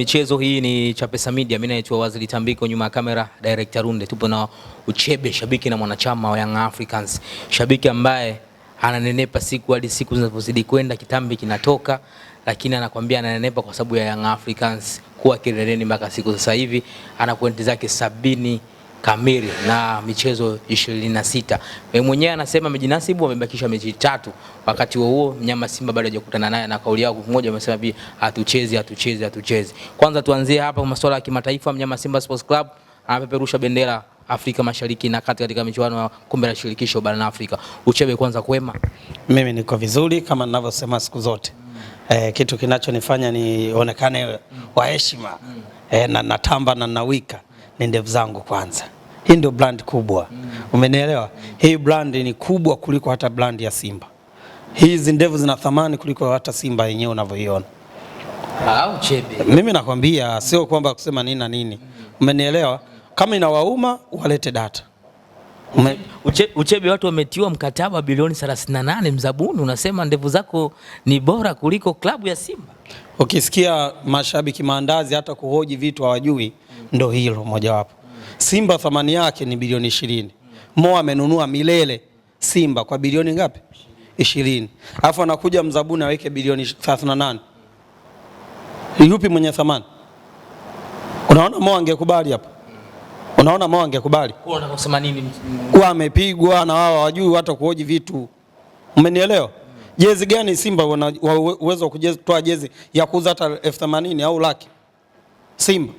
Michezo hii ni Chapesa Media. Mimi naitwa Wazili Tambiko, nyuma ya kamera director Runde. Tupo na Uchebe, shabiki na mwanachama wa Young Africans, shabiki ambaye ananenepa siku hadi siku zinazozidi kwenda, kitambi kinatoka, lakini anakwambia ananenepa kwa sababu ya Young Africans kuwa kileleni mpaka siku sasa hivi ana pointi zake sabini kamili na michezo 26. Wewe mwenyewe anasema amejinasibu, amebakisha mechi tatu. Wakati huo huo mnyama Simba bado hajakutana naye, na kauli yao mmoja amesema hivi, hatuchezi hatuchezi hatuchezi. Kwanza tuanzie hapa masuala ya kimataifa. Mnyama Simba Sports Club anapeperusha bendera Afrika Mashariki na kati katika michuano ya kombe la shirikisho barani Afrika. Uchebe, kwanza kwema? Mimi niko vizuri kama ninavyosema siku zote. Mm. Eh, kitu kinachonifanya nionekane mm. wa heshima mm. eh, na natamba na nawika mm ni ndevu zangu kwanza. Hii ndio brand kubwa mm. Umenielewa? Hii brand ni kubwa kuliko hata brand ya Simba. Hizi ndevu zina thamani kuliko hata Simba yenyewe unavyoiona. Mimi nakwambia sio kwamba kusema nini na nini, umenielewa? Kama inawauma walete data. Ume... Uche, uchebe watu wametiwa mkataba bilioni 38, mzabuni unasema ndevu zako ni bora kuliko klabu ya Simba. Ukisikia mashabiki maandazi hata kuhoji vitu hawajui wa ndo hilo mojawapo. Simba thamani yake ni bilioni ishirini. Mo amenunua milele Simba kwa bilioni ngapi? Ishirini. Alafu anakuja mzabuni aweke bilioni 38. Yupi mwenye thamani? Unaona Mo angekubali hapo? Unaona Mo angekubali? Kwa amepigwa na wao hawajui hata kuhoji vitu. Umenielewa? Jezi gani Simba wana uwezo wa kutoa jezi ya kuuza hata elfu themanini au laki? Simba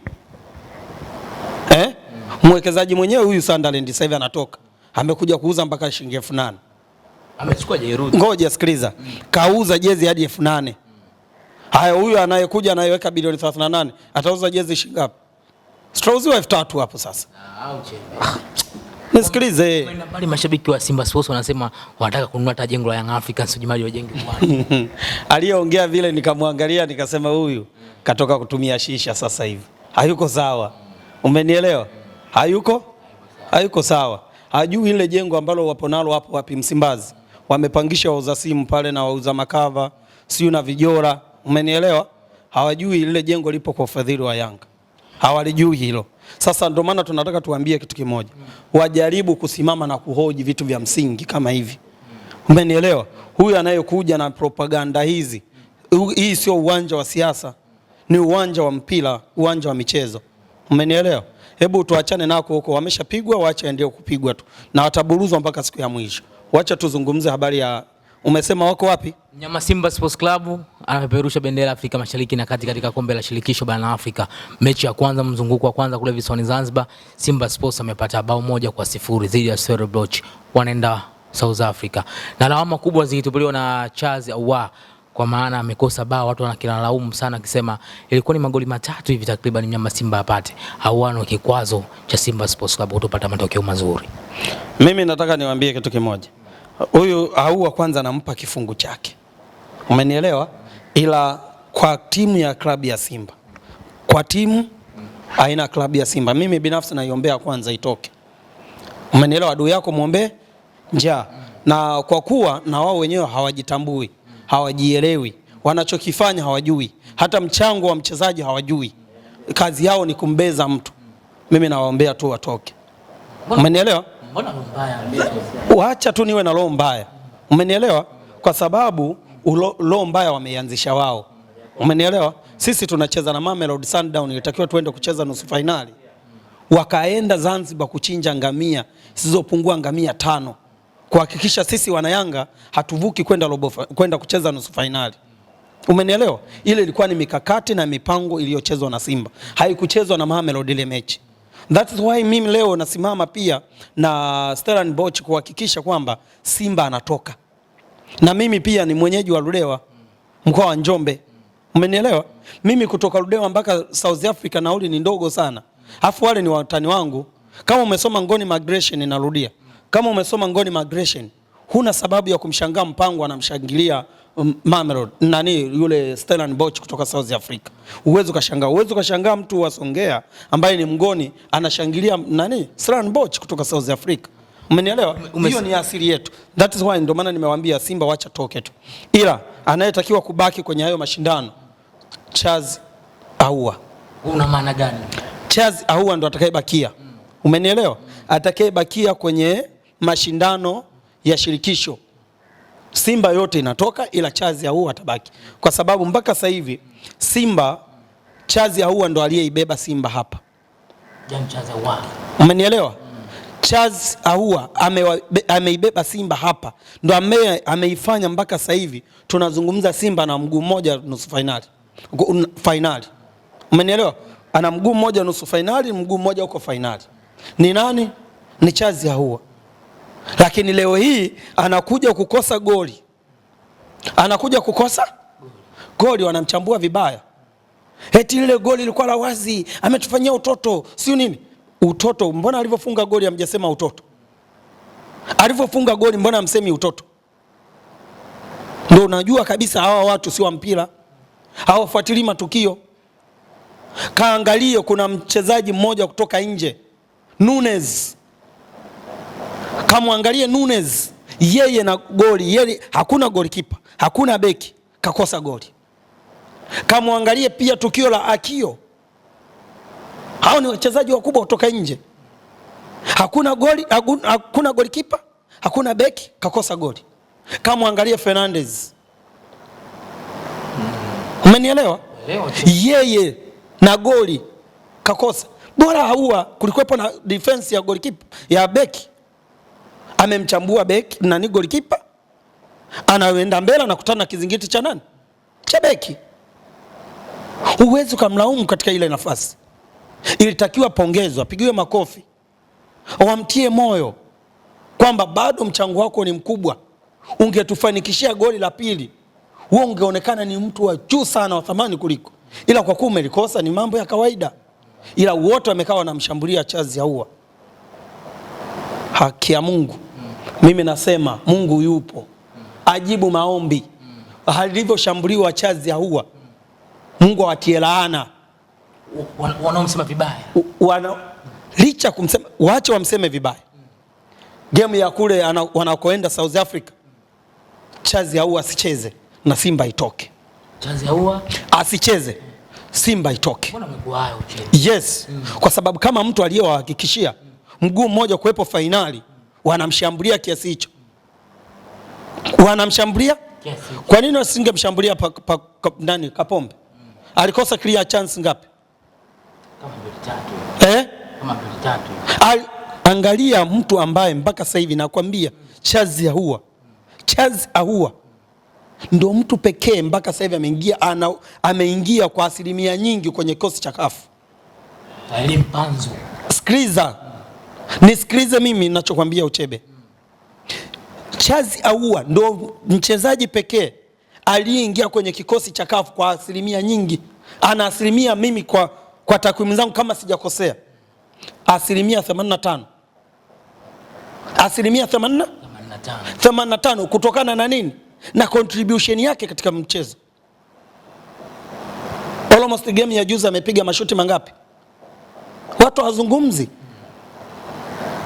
Mwekezaji mwenyewe huyu Sunderland sasa hivi anatoka, amekuja kuuza mpaka shilingi elfu nane amechukua jeruti. Ngoja sikiliza, kauza jezi hadi elfu nane Haya, huyu anayekuja anayeweka bilioni 38 atauza jezi shilingi ngapi? Sitauziwa elfu tatu hapo sasa. Ah, nisikilize. Mbali mashabiki wa Simba Sports wanasema wanataka kununua hata jengo la Young Africans Sujimali wajenge uwanja. Aliyeongea vile nikamwangalia nikasema huyu katoka kutumia shisha sasa hivi. Hayuko sawa. Umenielewa? hayuko hayuko sawa, hajui ile jengo ambalo wapo nalo hapo wapi Msimbazi, wamepangisha wauza simu pale na wauza makava siyo na vijora, umenielewa? Hawajui lile jengo lipo kwa ufadhili wa Yanga, hawalijui hilo. Sasa ndio maana tunataka tuambie kitu kimoja, wajaribu kusimama na kuhoji vitu vya msingi kama hivi, umenielewa? Huyu anayekuja na propaganda hizi, hii sio uwanja wa siasa, ni uwanja wa mpira, uwanja wa michezo, umenielewa? hebu tuachane nako huko, wameshapigwa waache aendee kupigwa tu na wataburuzwa mpaka siku ya mwisho. Wacha tuzungumze habari ya umesema wako wapi? Mnyama Simba Sports Club anapeperusha bendera ya Afrika Mashariki na Kati katika kombe la shirikisho barani Afrika. Mechi ya kwanza mzunguko wa kwanza kule visiwani Zanzibar, Simba Sports amepata bao moja kwa sifuri dhidi ya Stellenbosch, wanaenda South Africa na lawama kubwa zikitupiliwa na Charles Awa kwa maana amekosa bao, watu wanakilaumu sana, akisema ilikuwa ni magoli matatu hivi takriban mnyama Simba apate au ano kikwazo cha Simba Sports Club kutopata matokeo mazuri. Mimi nataka niwaambie kitu kimoja, huyu aua kwanza nampa kifungu chake, umenielewa? Ila kwa timu ya klabu ya Simba, kwa timu aina klabu ya Simba, mimi binafsi naiombea kwanza itoke, umenielewa? Adui yako mwombee njaa, na kwa kuwa na wao wenyewe hawajitambui hawajielewi, wanachokifanya hawajui, hata mchango wa mchezaji hawajui. Kazi yao ni kumbeza mtu. Mimi nawaombea tu watoke, umenielewa? Wacha tu niwe na roho mbaya, umenielewa? Kwa sababu roho mbaya wameianzisha wao, umenielewa? Sisi tunacheza na Mamelodi Sundowns, ilitakiwa tuende kucheza nusu fainali, wakaenda Zanzibar kuchinja ngamia zisizopungua ngamia tano kuhakikisha sisi wanayanga hatuvuki kwenda robo kwenda kucheza nusu fainali. Umenielewa? Ile ilikuwa ni mikakati na mipango iliyochezwa na Simba, haikuchezwa na Mamelodi ile mechi. That's why mimi leo nasimama pia na Stellenbosch kuhakikisha kwamba Simba anatoka, na mimi pia ni mwenyeji wa Ludewa, mkoa wa Njombe. Umenielewa? Mimi kutoka Ludewa mpaka South Africa nauli ni ndogo sana, afu wale ni watani wangu. Kama umesoma ngoni migration, narudia kama umesoma ngoni migration, huna sababu ya kumshangaa Mpango anamshangilia um, Mamelodi nani yule Stellenbosch kutoka South Africa. Uwezo kashangaa, uwezo kashangaa mtu wa Songea ambaye ni mgoni anashangilia nani Stellenbosch kutoka South Africa. Umenielewa? Hiyo ni asili yetu. That is why ndio maana nimewaambia Simba wacha toke tu. Ila anayetakiwa kubaki kwenye hayo mashindano Charles Ahoua. Una maana gani? Charles Ahoua ndo atakayebakia. Umenielewa? Atakayebakia kwenye mashindano ya shirikisho Simba yote inatoka, ila chazi ya huu atabaki, kwa sababu mpaka sasa hivi Simba chazi ya huu ndo aliyeibeba Simba hapa. Yaani umenielewa? Charles Ahua ameibeba Simba hapa ndo ameifanya ame mpaka sasa hivi tunazungumza Simba na mguu mmoja nusu fainali fainali, umenielewa? Ana mguu mmoja nusu fainali, mguu mmoja uko fainali. Ni nani? Ni Charles Ahua lakini leo hii anakuja kukosa goli, anakuja kukosa goli, wanamchambua vibaya, eti lile goli lilikuwa la wazi, ametufanyia utoto, sio nini utoto. Mbona alivyofunga goli amjasema utoto? Alivyofunga goli mbona amsemi utoto? Ndio unajua kabisa hawa watu si wa mpira, hawafuatilii matukio. Kaangalie, kuna mchezaji mmoja kutoka nje Nunes Kamwangalie Nunes, yeye na goli yeye, hakuna golikipa, hakuna beki, kakosa goli. Kamwangalie pia tukio la Akio. Hao ni wachezaji wakubwa kutoka nje, hakuna goli, hakuna golikipa, hakuna beki, kakosa goli. Kamwangalie Fernandez, umenielewa? Yeye na goli kakosa, bora haua, kulikuwepo na defense ya golikipa ya beki amemchambua beki na ni golikipa, anaenda mbele anakutana na kizingiti cha nani? Cha beki. Huwezi ukamlaumu katika ile nafasi, ilitakiwa pongezwa, apigiwe makofi, wamtie moyo kwamba bado mchango wako ni mkubwa, ungetufanikishia goli la pili, wewe ungeonekana ni mtu wa juu sana wa thamani kuliko, ila kwa kuwa umelikosa ni mambo ya kawaida, ila wote wamekaa wanamshambulia ya Ahoua. Haki ya Mungu. Mimi nasema Mungu yupo, ajibu maombi. Halivyoshambuliwa chazi ya huwa Mungu awatie laana wanaomsema vibaya, wana licha kumsema, waache wamseme vibaya. Game ya kule wanakoenda South Africa, chazi ya huwa asicheze na Simba itoke, chazi ya huwa asicheze Simba itoke. Yes, mm. kwa sababu kama mtu aliyewahakikishia mguu mmoja kuwepo fainali wanamshambulia kiasi hicho, wanamshambulia kiasi hicho. Kwa nini wasingemshambulia pa, pa, pa, nani Kapombe? mm. alikosa clear chance ngapi? kama mbili tatu eh, kama mbili tatu Al, angalia mtu ambaye mpaka sasa hivi nakwambia chazi ahua chazi ahua ndio mtu pekee mpaka sasa hivi ameingia ameingia kwa asilimia nyingi kwenye kikosi cha kafu Sikiliza, Nisikilize mimi ninachokwambia Uchebe. Chazi Aua ndo mchezaji pekee aliyeingia kwenye kikosi cha CAF kwa asilimia nyingi, ana asilimia mimi kwa, kwa takwimu zangu kama sijakosea asilimia 85 asilimia 85 85 kutokana na nini? Na contribution yake katika mchezo. Almost game ya juzi amepiga mashuti mangapi? Watu hazungumzi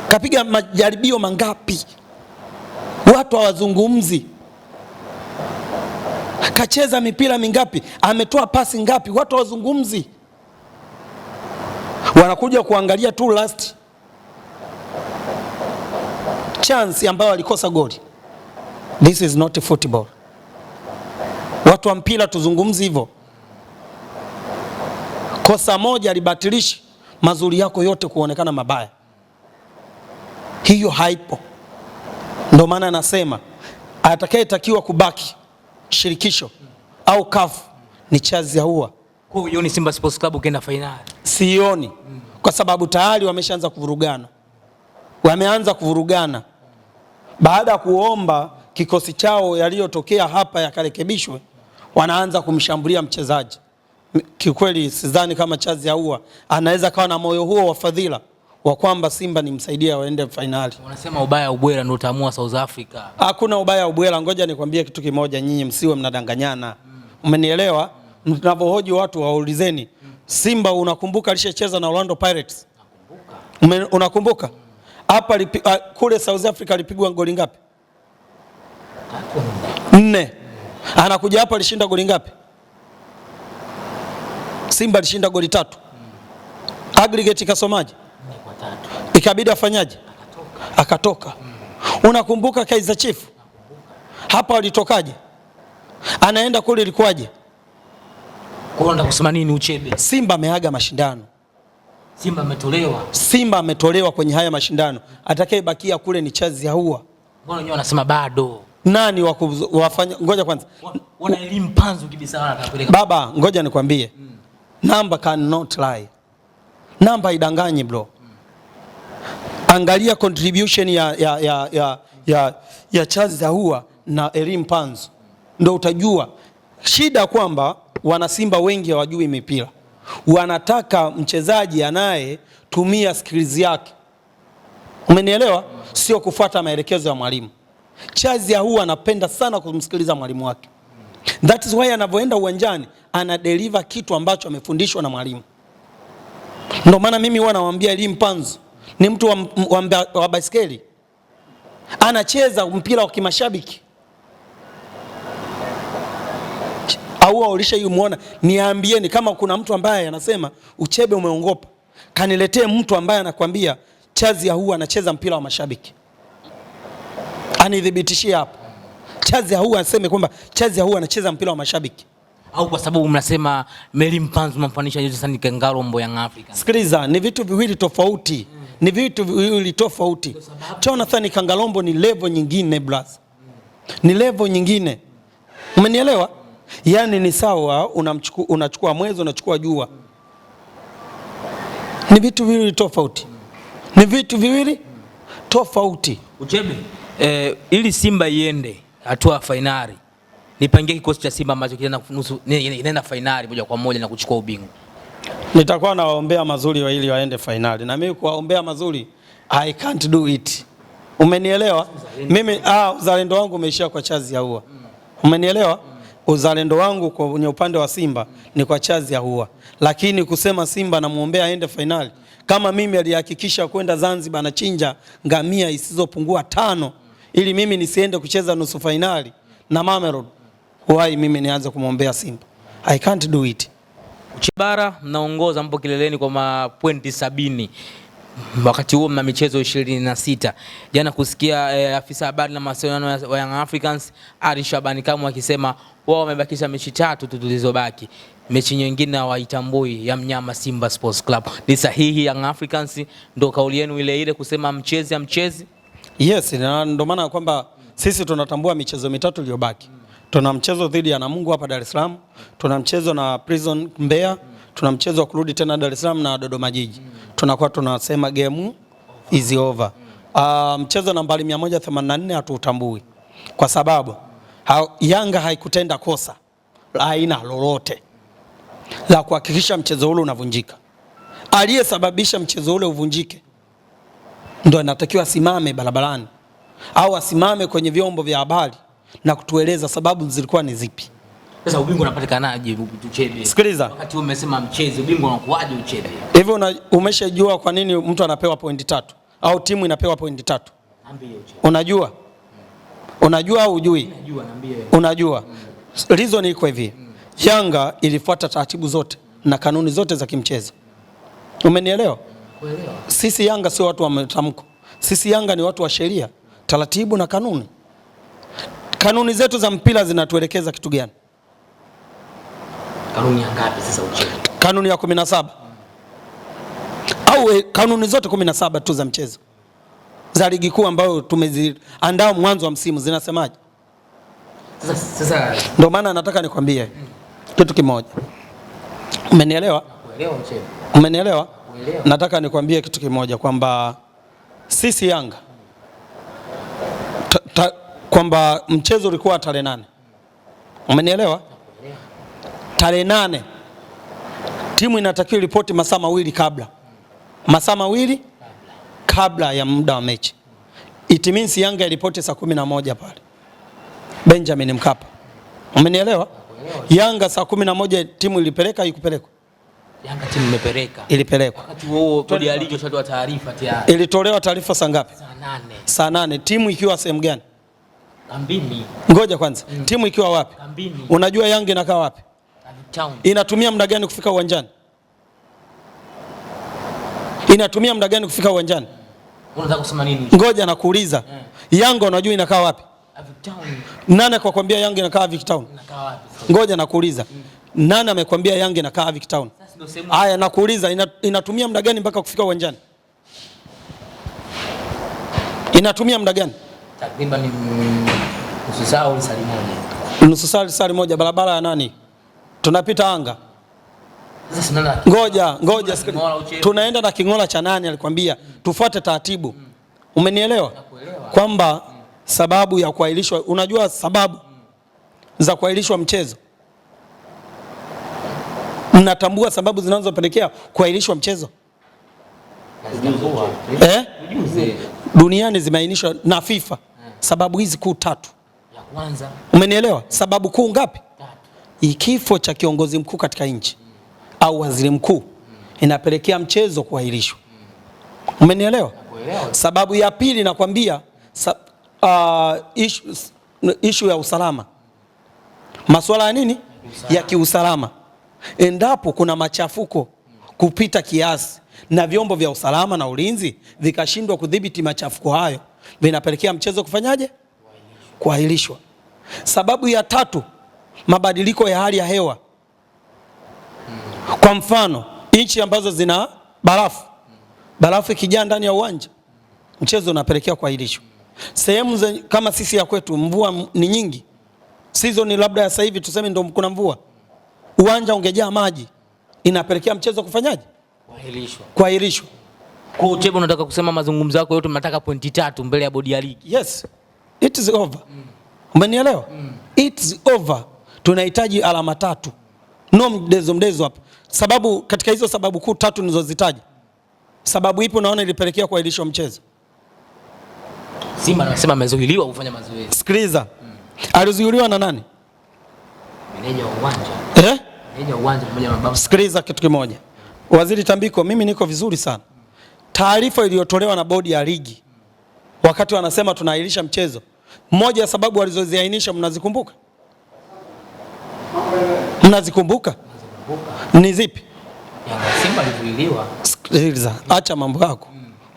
kapiga majaribio mangapi, watu hawazungumzi. Kacheza mipira mingapi, ametoa pasi ngapi, watu hawazungumzi. Wanakuja kuangalia tu last chance ambayo alikosa goli. This is not football. Watu wa mpira tuzungumzi hivyo. Kosa moja libatilisha mazuri yako yote kuonekana mabaya hiyo haipo. Ndio maana anasema atakayetakiwa kubaki shirikisho au kafu ni chazi ya ua. Simba Sports Club ukienda fainali? Sioni Kwa sababu tayari wameshaanza kuvurugana, wameanza kuvurugana baada ya kuomba kikosi chao yaliyotokea hapa yakarekebishwe, wanaanza kumshambulia mchezaji. Kiukweli sidhani kama chazi ya anaweza kawa na moyo huo wa fadhila wa kwamba Simba ni msaidia waende fainali. Wanasema ubaya ubwela ndio utaamua South Africa. Hakuna ubaya ubwela, ngoja nikwambie kitu kimoja, nyinyi msiwe mnadanganyana. mm. Umenielewa? Mm. Tunavyohoji watu waulizeni, mm. Simba unakumbuka alishecheza na Orlando Pirates? Ume, Unakumbuka? Hapa mm. uh, kule South Africa alipigwa goli ngapi? Nne. Anakuja hapa alishinda goli ngapi? Simba alishinda goli tatu. mm. Aggregate ikasomaje? ikabidi afanyaje? Akatoka. Unakumbuka Kaiza Chifu hapa walitokaje? Anaenda kule ilikuwaje? Nini uchebe? Simba ameaga mashindano. Simba ametolewa. Simba ametolewa kwenye haya mashindano. Atakayebakia kule ni chazi ya hua. Mbona wenyewe wanasema bado? Nani wa kufanya? Ngoja kwanza. Wana elimu panzu kibisa wana kapeleka. Baba, ngoja nikwambie. Mm. Number cannot lie. Namba idanganyi bro angalia contribution ya, ya, ya, ya, ya, ya Charles Zahua na Elim Pans ndo utajua shida kwamba wanasimba wengi hawajui mipira, wanataka mchezaji anayetumia skills yake, umenielewa? Sio kufuata maelekezo ya mwalimu. Charles Zahua anapenda sana kumsikiliza mwalimu wake, that is why anavyoenda uwanjani ana deliver kitu ambacho amefundishwa na mwalimu. Ndio maana mimi huwa nawaambia Elim Pans, ni mtu wa, wa, wa baiskeli anacheza mpira wa kimashabiki au ulishaimuona? Niambieni kama kuna mtu ambaye anasema Uchebe umeongopa, kaniletee mtu ambaye anakwambia ya huu anacheza mpira wa mashabiki, anidhibitishie hapo. chazi ya huu aseme kwamba chazi ya huu anacheza mpira wa mashabiki au kwa sababu mnasema Meli Mpanzu mnamfanisha Jose Sani Kangalo mbo ya Afrika. Sikiliza, ni vitu viwili tofauti mm ni vitu viwili tofauti. Jonathan Kangalombo ni level nyingine brother, ni level nyingine, umenielewa? Yaani ni sawa, unachukua mwezi, unachukua jua, ni vitu viwili tofauti, ni vitu viwili tofauti. Uchebe, eh, ili Simba iende hatua fainali, nipangie kikosi cha Simba ambacho kinaenda fainali moja kwa moja na kuchukua ubingwa. Nitakuwa nawaombea mazuri ili waende fainali, na mimi kuwaombea mazuri I can't do it. Umenielewa? Mimi ah, uzalendo wangu umeishia kwa chazi ya huwa. Umenielewa? Uzalendo wangu kwenye upande wa Simba ni kwa chazi ya huwa, lakini kusema Simba namuombea aende fainali, kama mimi alihakikisha kwenda Zanzibar anachinja ngamia isizopungua tano ili mimi nisiende kucheza nusu fainali na Mamelodi, why mimi nianze kumwombea Simba? I can't do it. Uchibara mnaongoza mpo kileleni kwa mapointi sabini wakati huo mna michezo ishirini na sita. Jana kusikia eh, afisa habari na mawasiliano ya Young Africans Ali Shabani Kamwe akisema wao wamebakisha mechi tatu tu zilizobaki, mechi nyingine hawaitambui ya mnyama Simba Sports Club. Ni sahihi? Young Africans ndo kauli yenu ile ile kusema mchezi amchezi? Yes, na ndio maana kwamba sisi tunatambua michezo mitatu iliyobaki. Tuna mchezo dhidi ya Namungo hapa Dar es Salaam, tuna mchezo na Prison Mbeya, tuna mchezo wa kurudi tena Dar es Salaam na Dodoma Jiji. Tunakuwa tunasema game is over. Uh, mchezo nambari 184 hatuutambui kwa sababu ha, Yanga haikutenda kosa la aina lolote la kuhakikisha mchezo ule unavunjika. Aliyesababisha mchezo ule uvunjike ndo anatakiwa asimame barabarani au asimame kwenye vyombo vya habari na kutueleza sababu zilikuwa ni zipi. Sasa ubingwa unapatikanaje Uchebe? Sikiliza. Wakati umesema mchezo ubingwa unakuaje Uchebe? Hivyo umeshajua kwa nini mtu anapewa pointi tatu au timu inapewa pointi tatu? Uchebe. Unajua? Unajua au hujui? Unajua, niambie. Unajua. Mm. Reason iko hivi. Mm. Yanga ilifuata taratibu zote na kanuni zote za kimchezo. Umenielewa? Kuelewa. Sisi Yanga sio watu wa matamko. Sisi Yanga ni watu wa sheria, taratibu na kanuni kanuni zetu za mpira zinatuelekeza kitu gani? Kanuni ya ngapi sasa uchezo? Kanuni ya 17 au eh, kanuni zote 17 tu za mchezo za ligi kuu ambayo tumeziandaa mwanzo wa msimu zinasemaje? Sasa ndio maana nataka nikwambie hmm, kitu kimoja. Umenielewa? Umenielewa? Nataka nikwambie kitu kimoja kwamba sisi Yanga ta, ta, kwamba mchezo ulikuwa tarehe nane, umenielewa? Tarehe nane timu inatakiwa ripoti masaa mawili kabla, masaa mawili kabla ya muda wa mechi. It means Yanga ilipoti saa kumi na moja pale Benjamin Mkapa, umenielewa? Yanga saa kumi na moja timu ilipeleka ikupeleka Yanga timu imepeleka. Ilipelekwa. Wakati huo bodi ya ligi ilitolewa taarifa tayari. Ilitolewa taarifa saa ngapi? Saa nane. Saa nane. Timu ikiwa sehemu gani? Kambini. Ngoja kwanza mm. Timu ikiwa wapi? Kambini. Unajua Yanga inakaa wapi? Town. Inatumia muda gani kufika uwanjani? Inatumia muda gani kufika uwanjani? Mm. Unataka kusema nini? Ngoja nakuuliza. Yeah. Mm. Yanga unajua inakaa wapi? Town. Nani akakwambia Yanga inakaa Vic Town? Inakaa wapi? Ngoja nakuuliza. Mm. Nani amekwambia Yanga inakaa Vic Town? Haya nakuuliza ina, inatumia muda gani mpaka kufika uwanjani? Inatumia muda gani? Takriban nusu saa au lisali moja. Nusu saa lisali moja barabara ya nani? Tunapita anga. Ngoja, ngoja. Tunaenda na king'ola cha nani alikwambia? Tufuate taratibu. Mm. Umenielewa? Kwamba mm. sababu ya kuahirishwa, unajua sababu mm. za kuahirishwa mchezo. Mnatambua sababu zinazopelekea kuahirishwa mchezo? Eh? Duniani zimeainishwa na FIFA sababu hizi kuu tatu. Ya kwanza, umenielewa? Sababu kuu ngapi? Tatu. Kifo cha kiongozi mkuu katika nchi mm. au waziri mkuu mm. inapelekea mchezo kuahirishwa mm. umenielewa? Sababu ya pili nakwambia sa, uh, ishu, ishu ya usalama, masuala ya nini usalama. ya kiusalama, endapo kuna machafuko kupita kiasi na vyombo vya usalama na ulinzi vikashindwa kudhibiti machafuko hayo vinapelekea mchezo kufanyaje? Kuahirishwa. Sababu ya tatu, mabadiliko ya hali ya hewa. Kwa mfano, nchi ambazo zina barafu, barafu ikijaa ndani ya uwanja, mchezo unapelekea kuahirishwa. Sehemu kama sisi ya kwetu, mvua ni nyingi, season labda ya sasa hivi tuseme ndio kuna mvua, uwanja ungejaa maji, inapelekea mchezo kufanyaje? Kuahirishwa. Kwa hiyo Chebo, unataka kusema mazungumzo yako yote mnataka pointi tatu mbele ya bodi ya ligi? Yes. It is over. Umenielewa? Mm. It is over. Tunahitaji alama tatu. No mdezo mdezo hapa. Sababu katika hizo sababu kuu tatu nilizozitaja. Sababu ipo naona ilipelekea kuahirishwa mchezo. Simba anasema amezuiliwa kufanya mazoezi. Sikiliza. Mm. Alizuiliwa na nani? Meneja wa uwanja. Eh? Meneja wa uwanja mmoja na baba. Sikiliza kitu kimoja. Waziri Tambiko, mimi niko vizuri sana taarifa iliyotolewa na bodi ya ligi wakati wanasema tunaahirisha mchezo, moja ya sababu walizoziainisha mnazikumbuka? Mnazikumbuka ni zipi? Sikiliza, acha mambo yako,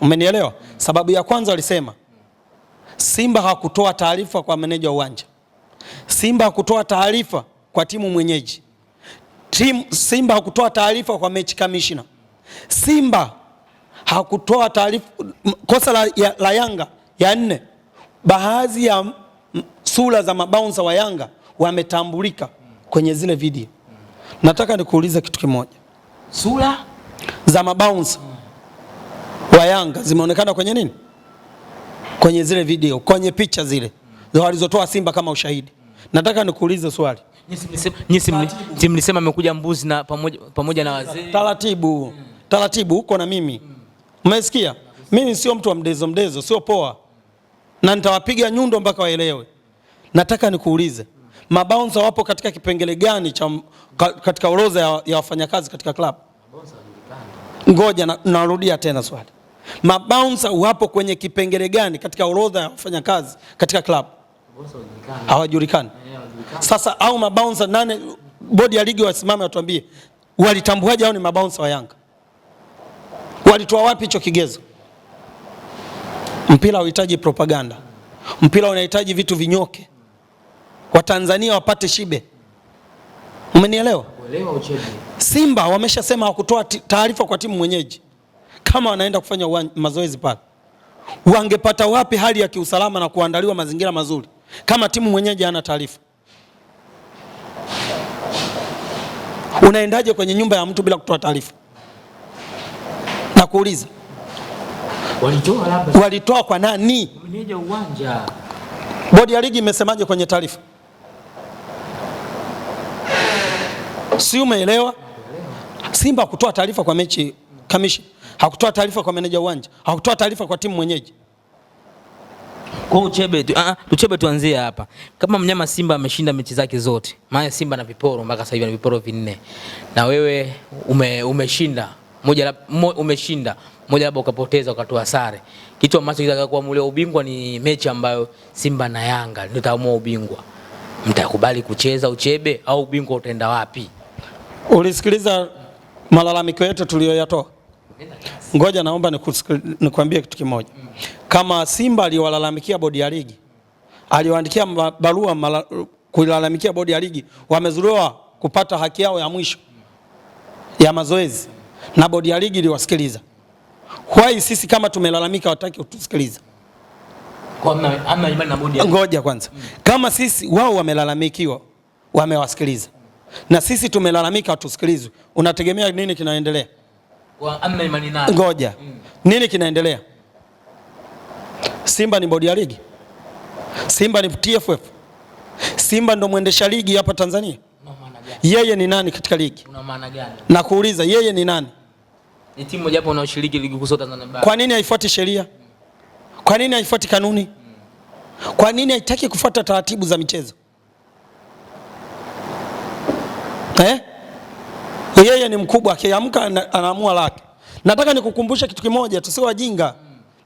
umenielewa? Sababu ya kwanza walisema Simba hakutoa taarifa kwa meneja uwanja, Simba hakutoa taarifa kwa timu mwenyeji timu, Simba hakutoa taarifa kwa mechi kamishna, Simba hakutoa taarifa. Kosa la, ya, la Yanga ya nne, baadhi ya sura za mabaunsa wa Yanga wametambulika kwenye zile video. Nataka nikuulize kitu kimoja, sura za mabaunsa wa Yanga zimeonekana kwenye nini? Kwenye zile video, kwenye picha zile walizotoa Simba kama ushahidi. Nataka nikuulize swali, mlisema amekuja mbuzi na pamoja, pamoja na wazee. Taratibu taratibu, huko na mimi mm. Umesikia? Mimi sio mtu wa mdezo mdezo, sio poa, na nitawapiga nyundo mpaka waelewe. Nataka nikuulize, mabaunsa wapo katika kipengele gani cha katika orodha ya, ya wafanyakazi katika club? Ngoja na, narudia tena swali, mabaunsa wapo kwenye kipengele gani katika orodha ya wafanyakazi katika club? Hawajulikani. Sasa au mabaunsa nane, bodi ya ligi wasimame watuambie walitambuaje hao ni mabaunsa wa Yanga? Walitoa wapi hicho kigezo? Mpira unahitaji propaganda, mpira unahitaji vitu vinyoke, watanzania wapate shibe. Umenielewa? Simba wameshasema hawakutoa taarifa kwa timu mwenyeji kama wanaenda kufanya mazoezi pale. Wangepata wapi hali ya kiusalama na kuandaliwa mazingira mazuri kama timu mwenyeji hana taarifa? Unaendaje kwenye nyumba ya mtu bila kutoa taarifa? na kuuliza walitoa, walitoa kwa nani? Meneja uwanja. Bodi ya ligi imesemaje kwenye taarifa? Si umeelewa? Simba hakutoa taarifa kwa mechi kamishi, hakutoa taarifa kwa meneja uwanja, hakutoa taarifa kwa timu mwenyeji. Kwa uchebe tu, ah, ah uchebe tuanzie hapa. Kama mnyama Simba ameshinda mechi zake zote, maana Simba na viporo mpaka sasa hivi na viporo vinne, na wewe ume, umeshinda moja umeshinda moja, labda ukapoteza ukatoa sare, kitu ambacho kuamulia ubingwa ni mechi ambayo Simba na Yanga ndio itaamua ubingwa. Mtakubali kucheza uchebe au ubingwa utaenda wapi? Ulisikiliza malalamiko yetu tuliyoyatoa. Ngoja naomba nikuambie kitu kimoja. Kama Simba aliwalalamikia bodi ya ligi, aliwaandikia barua kulalamikia bodi ya ligi, wamezuliwa kupata haki yao ya mwisho ya mazoezi na bodi ya ligi iliwasikiliza. Why sisi kama tumelalamika wataki utusikiliza? Ngoja kwanza mm. Kama sisi wao wamelalamikiwa, wamewasikiliza na sisi tumelalamika watusikilizwe unategemea nini kinaendelea? Ngoja mm. Nini kinaendelea? Simba ni bodi ya ligi? Simba ni TFF? Simba ndo mwendesha ligi hapa Tanzania? Yeye ni nani katika ligi? Una maana gani? Nakuuliza, yeye ni nani? Ni timu moja hapo inayoshiriki ligi kuu Tanzania bara. Kwa nini haifuati sheria? Kwa nini haifuati kanuni? Kwa nini haitaki kufuata taratibu za michezo? Eh? Yeye ni mkubwa, akiamka anaamua lake. Nataka nikukumbushe kitu kimoja, tusiwe wajinga.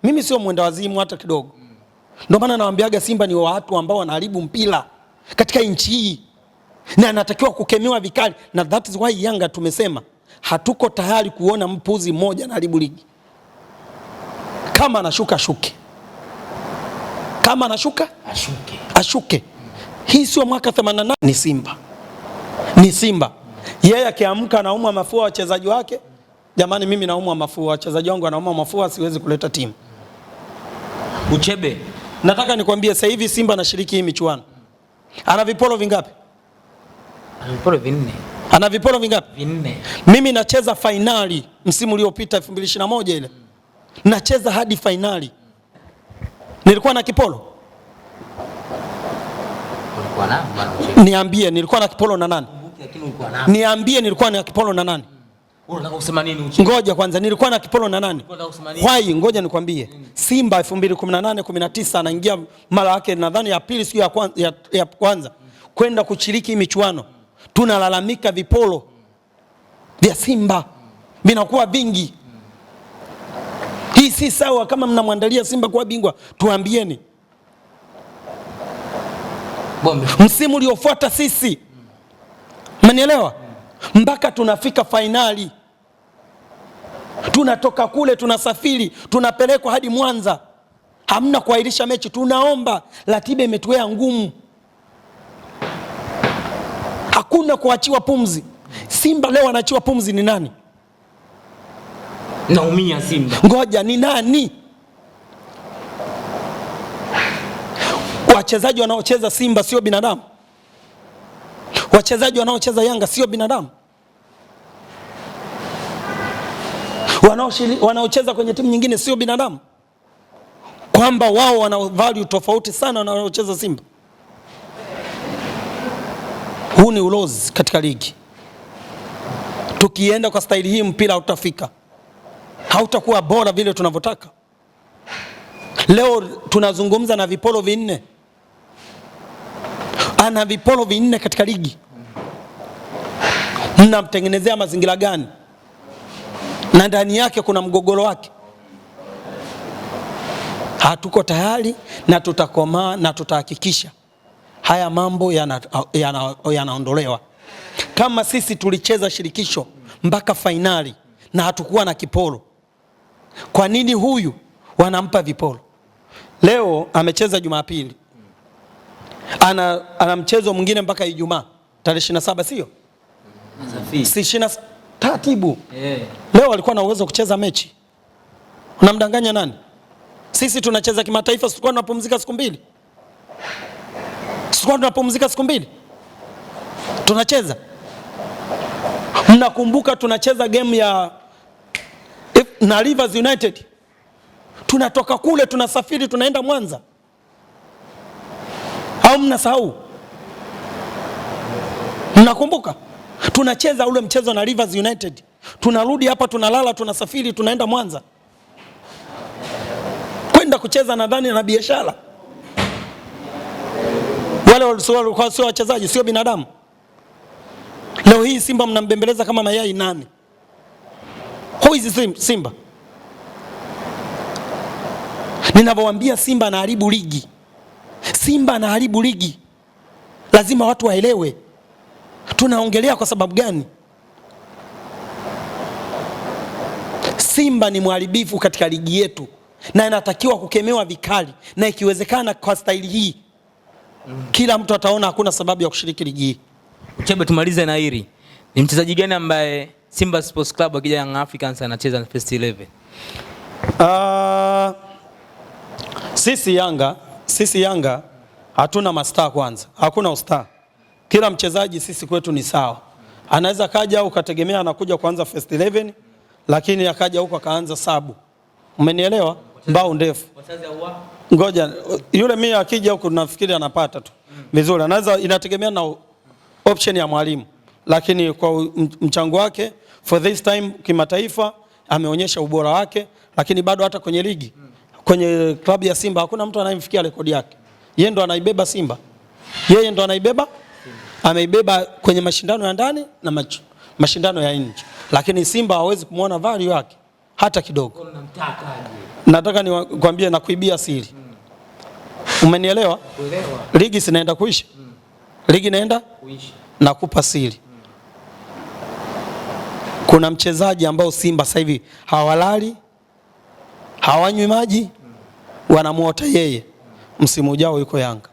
Mimi sio mwenda wazimu hata kidogo. Ndio maana nawaambiaga Simba ni watu ambao wanaharibu mpira katika nchi hii na anatakiwa kukemewa vikali, na that is why Yanga tumesema hatuko tayari kuona mpuzi mmoja anaharibu ligi. Kama anashuka ashuke, kama anashuka ashuke, ashuke. Hii sio mwaka 88 ni Simba, ni Simba. Yeye akiamka anaumwa mafua wachezaji wake, jamani, mimi naumwa mafua, wachezaji wangu anaumwa mafua, siwezi kuleta timu. Uchebe, nataka nikwambie sasa hivi Simba anashiriki hii michuano, ana viporo vingapi? Ana vipolo vinne. Ana viporo vingapi? Vinne. Mimi nacheza fainali msimu uliopita 2021 ile. Mm. Nacheza hadi fainali. Nilikuwa na kiporo? Ulikuwa na bwana. Niambie nilikuwa na kiporo na nani? Niambie nilikuwa na kiporo na nani? Ngoja kwanza, nilikuwa na kiporo na nani? Kwai, ngoja nikwambie. Simba 2018 19 anaingia mara yake nadhani ya pili, siku ya kwanza, ya kwanza kwenda kuchiriki michuano tunalalamika vipolo vya Simba vinakuwa vingi. Hii si sawa. Kama mnamwandalia Simba kuwa bingwa, tuambieni. Msimu uliofuata sisi, mmenielewa, mpaka tunafika fainali, tunatoka kule, tunasafiri, tunapelekwa hadi Mwanza, hamna kuahirisha mechi. Tunaomba, ratiba imetuwea ngumu hakuna kuachiwa pumzi. Simba leo anaachiwa pumzi ni nani? Naumia Simba. Ngoja ni nani? Wachezaji wanaocheza Simba sio binadamu? Wachezaji wanaocheza Yanga sio binadamu? Wanaocheza kwenye timu nyingine sio binadamu? Kwamba wao wana value tofauti sana wanaocheza Simba. Huu ni ulozi katika ligi. Tukienda kwa staili hii mpira hautafika, hautakuwa bora vile tunavyotaka. Leo tunazungumza na viporo vinne, ana viporo vinne katika ligi. Mnamtengenezea mazingira gani? Na ndani yake kuna mgogoro wake. Hatuko tayari na tutakomaa na tutahakikisha haya mambo yanaondolewa. Yana, yana kama sisi tulicheza shirikisho mpaka fainali na hatukuwa na kiporo, kwa nini huyu wanampa viporo? Leo amecheza Jumapili, ana, ana mchezo mwingine mpaka Ijumaa tarehe 27, sio si taratibu yeah. Leo alikuwa na uwezo kucheza mechi, unamdanganya nani? Sisi tunacheza kimataifa, tulikuwa tunapumzika siku mbili sikuwa tunapumzika siku mbili tunacheza. Mnakumbuka tunacheza game ya na Rivers United, tunatoka kule tunasafiri tunaenda Mwanza, au mnasahau? Mnakumbuka tunacheza ule mchezo na Rivers United, tunarudi hapa tunalala, tunasafiri tunaenda Mwanza kwenda kucheza nadhani na biashara wale walikuwa sio wachezaji, sio binadamu? Leo hii Simba mnambembeleza kama mayai nani? Who is Simba? Ninavyowaambia Simba anaharibu ligi, Simba anaharibu ligi, lazima watu waelewe tunaongelea kwa sababu gani. Simba ni mharibifu katika ligi yetu na inatakiwa kukemewa vikali, na ikiwezekana kwa staili hii kila mtu ataona hakuna sababu ya kushiriki ligi hii. Chembe, tumalize na hili, ni mchezaji gani ambaye Simba Sports Club akija Young Africans anacheza first 11? Uh, ah, sisi Yanga sisi Yanga hatuna mastaa kwanza, hakuna usta Kila mchezaji sisi kwetu ni sawa, anaweza kaja au kategemea anakuja kuanza first 11, lakini akaja huko akaanza sabu, umenielewa, mbao ndefu Ngoja yule mimi akija huku nafikiri anapata tu vizuri, anaweza inategemea na option ya mwalimu, lakini kwa mchango wake for this time kimataifa ameonyesha ubora wake, lakini bado hata kwenye ligi kwenye klabu ya Simba hakuna mtu anayemfikia rekodi yake. Yeye ndo anaibeba Simba, yeye ndo anaibeba, ameibeba kwenye mashindano ya ndani na machu, mashindano ya nje, lakini Simba hawezi kumwona value yake hata kidogo. Nataka nikwambie na kuibia siri Umenielewa? Ligi sinaenda kuisha, hmm. ligi naenda kuisha. Nakupa siri, hmm. kuna mchezaji ambao Simba sasa hivi hawalali, hawanywi maji, hmm. wanamuota yeye, msimu ujao yuko Yanga.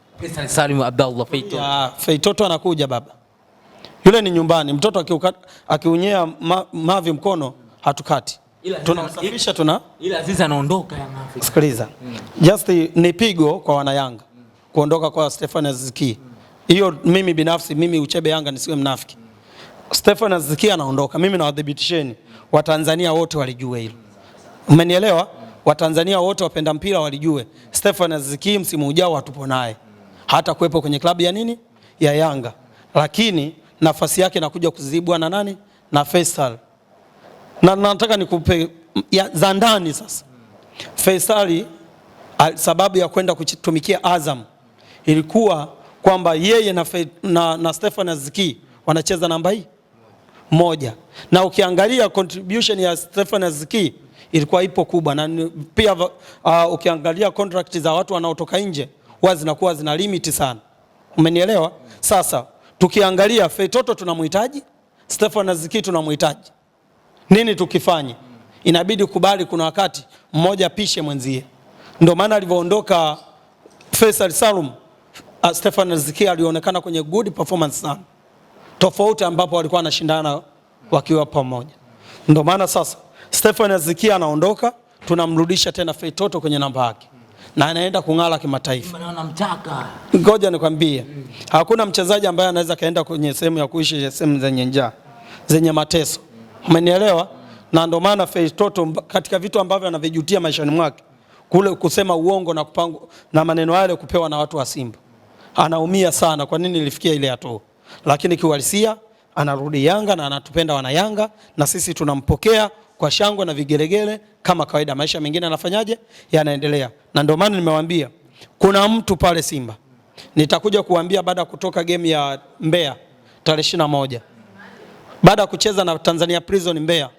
Salim Abdallah Feito. Ya, Feitoto anakuja baba, yule ni nyumbani. Mtoto akiunyea ma, mavi mkono hatukati tunamsafisha tuna ila anaondoka Yanga Sikiliza mm. just ni pigo kwa wana Yanga mm. kuondoka kwa Stefan Aziki. Mm. hiyo mm. mimi binafsi mimi uchebe Yanga nisiwe mnafiki mm. Stefan Aziki anaondoka, mimi nawadhibitisheni Watanzania wote walijue hilo, mm. umenielewa? Mm. Watanzania wote wapenda mpira walijue Stefan Aziki msimu ujao hatupo naye, hata kuwepo kwenye klabu ya nini ya Yanga, lakini nafasi yake inakuja kuzibwa na nani na Faisal na nataka nikupe za ndani sasa. Faisali sababu ya kwenda kutumikia Azam ilikuwa kwamba yeye na, na, na Stefan Aziki wanacheza namba hii moja, na ukiangalia contribution ya Stefan Aziki ilikuwa ipo kubwa, na pia uh, ukiangalia contract za watu wanaotoka nje huwa zinakuwa zina limit sana, umenielewa? Sasa tukiangalia Feitoto tunamhitaji, Stefan Aziki tunamhitaji nini tukifanye? Inabidi kubali, kuna wakati mmoja pishe mwenzie. Ndio maana alivyoondoka Faisal Salum, Stefan Zikia alionekana kwenye good performance sana, tofauti ambapo walikuwa wanashindana wakiwa pamoja. Ndio maana sasa Stefan Zikia anaondoka, tunamrudisha tena Toto kwenye namba yake na anaenda kung'ala kimataifa. Ngoja nikwambie, hakuna mchezaji ambaye anaweza kaenda kwenye sehemu ya kuishi sehemu zenye njaa zenye mateso Umenielewa? Na ndio maana Faith Toto katika vitu ambavyo anavijutia maishani mwake kule kusema uongo na kupango, na maneno yale kupewa na watu wa Simba, anaumia sana, kwa nini nilifikia ile hatua, lakini kiuhalisia anarudi Yanga na anatupenda wana Yanga na sisi tunampokea kwa shangwe na vigelegele kama kawaida. Maisha mengine anafanyaje, yanaendelea. Na ndio maana nimewaambia kuna mtu pale Simba, nitakuja kuambia baada ya kutoka game ya Mbeya tarehe moja baada ya kucheza na Tanzania Prison Mbeya,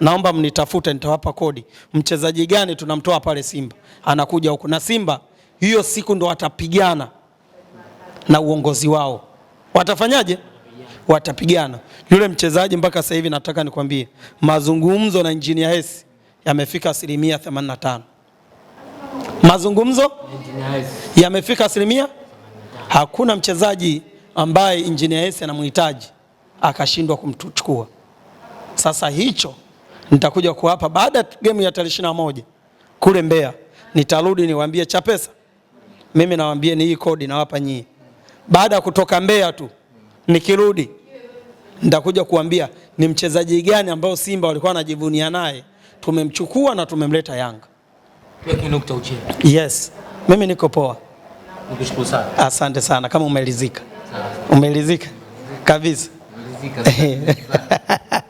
naomba mnitafute, nitawapa kodi, mchezaji gani tunamtoa pale Simba anakuja huku na Simba. Hiyo siku ndo watapigana na uongozi wao, watafanyaje? Watapigana yule mchezaji. Mpaka sasa hivi nataka nikwambie, mazungumzo na Engineer Hersi yamefika asilimia 85. Mazungumzo yamefika asilimia, hakuna mchezaji ambaye Engineer Hersi anamhitaji akashindwa kumchukua. Sasa hicho nitakuja kuwapa baada ya game ya tarehe ishirini na moja kule Mbeya, nitarudi niwaambie Chapesa. Mimi nawaambie ni hii kodi nawapa nyie. Baada ya kutoka Mbeya tu nikirudi, nitakuja kuambia ni mchezaji gani ambao Simba walikuwa wanajivunia naye tumemchukua na tumemleta Yanga. Yes, mimi niko poa, asante sana. Kama umelizika, umelizika kabisa. ऐसी कविता